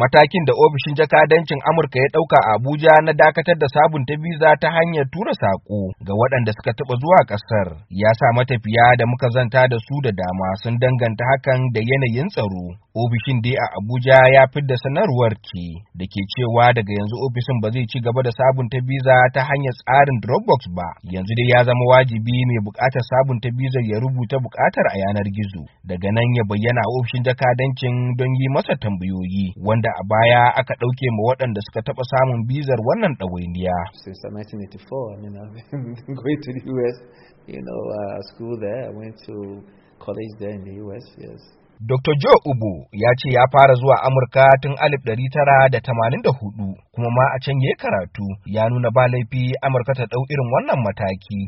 matakin da ofishin jakadancin Amurka ya ɗauka a Abuja na dakatar da sabunta biza ta hanyar tura saƙo ga waɗanda suka taɓa zuwa ƙasar ya sa matafiya da muka zanta da su da dama sun danganta hakan da yanayin tsaro. Ofishin dai a Abuja ya fidda sanarwar ke da ke cewa daga yanzu ofishin ba zai ci gaba da sabunta biza ta hanyar tsarin Dropbox ba. Yanzu dai ya zama wajibi mai buƙatar sabunta biza ya rubuta buƙatar a yanar gizo. Daga nan ya bayyana ofishin jakadancin don yi masa tambayoyi wanda da a baya aka ɗauke ma waɗanda suka taɓa samun bizar wannan ɗawainiya. Dr. Uh, Joe Ubu ya ce ya fara zuwa Amurka tun 1984 kuma ma a can ya karatu ya nuna ba laifi Amurka ta ɗau irin wannan mataki.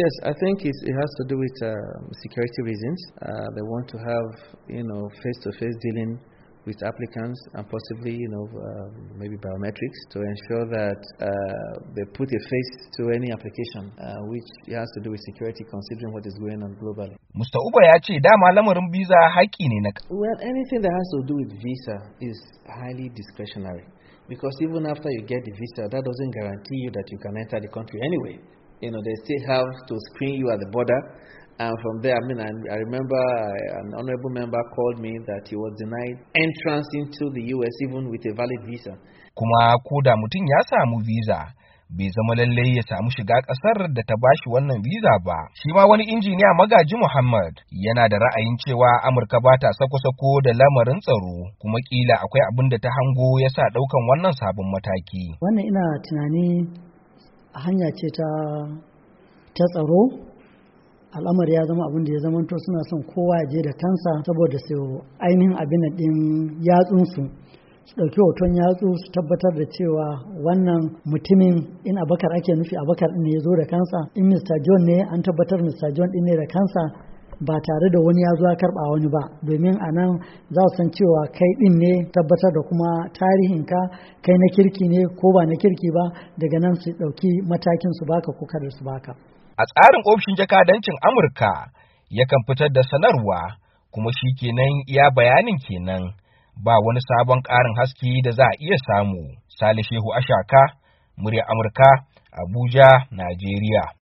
Yes, I think it, it has to do with uh, security reasons. Uh, they want to have, you know, face-to-face -face dealing with applicants and possibly, you know, uh, maybe biometrics to ensure that uh, they put a face to any application uh, which has to do with security considering what is going on globally. ya ce dama lamarin visa ne na Well, anything that has to do with visa is highly discretionary because even after you get the visa, that doesn't guarantee you that you can enter the country anyway. You know, they still have to screen you at the border And from there, I mean, I, I remember uh, an honorable member called me that he was denied entrance into the US even with a valid visa. Kuma ko da mutum ya samu visa, bai zama lallai ya samu shiga ƙasar da ta bashi wannan visa ba. Shi ma wani injiniya magaji Muhammad yana da ra'ayin cewa Amurka ba ta sako-sako da lamarin tsaro kuma ƙila akwai abin da ta hango ya sa ɗaukan wannan sabon mataki. Wannan ina tunani hanya ce ta tsaro al'amar ya zama abin da ya zama to suna son kowa je da kansa saboda su ainihin abin din yatsunsu su ɗauki hoton yatsu su tabbatar da cewa wannan mutumin in abakar ake nufi abakar ne ya zo da kansa in mr john ne an tabbatar mr john ɗin ne da kansa ba tare da wani ya zo ya karɓa wani ba domin a nan za su san cewa kai ɗin ne tabbatar da kuma tarihin ka kai na kirki ne ko ba na kirki ba daga nan su ɗauki matakin su baka ko kada su baka a tsarin ofishin jakadancin Amurka yakan fitar da sanarwa kuma shi kenan iya bayanin kenan ba wani sabon ƙarin haske da za a iya samu. Sale Shehu Ashaka, murya Amurka, Abuja, Najeriya.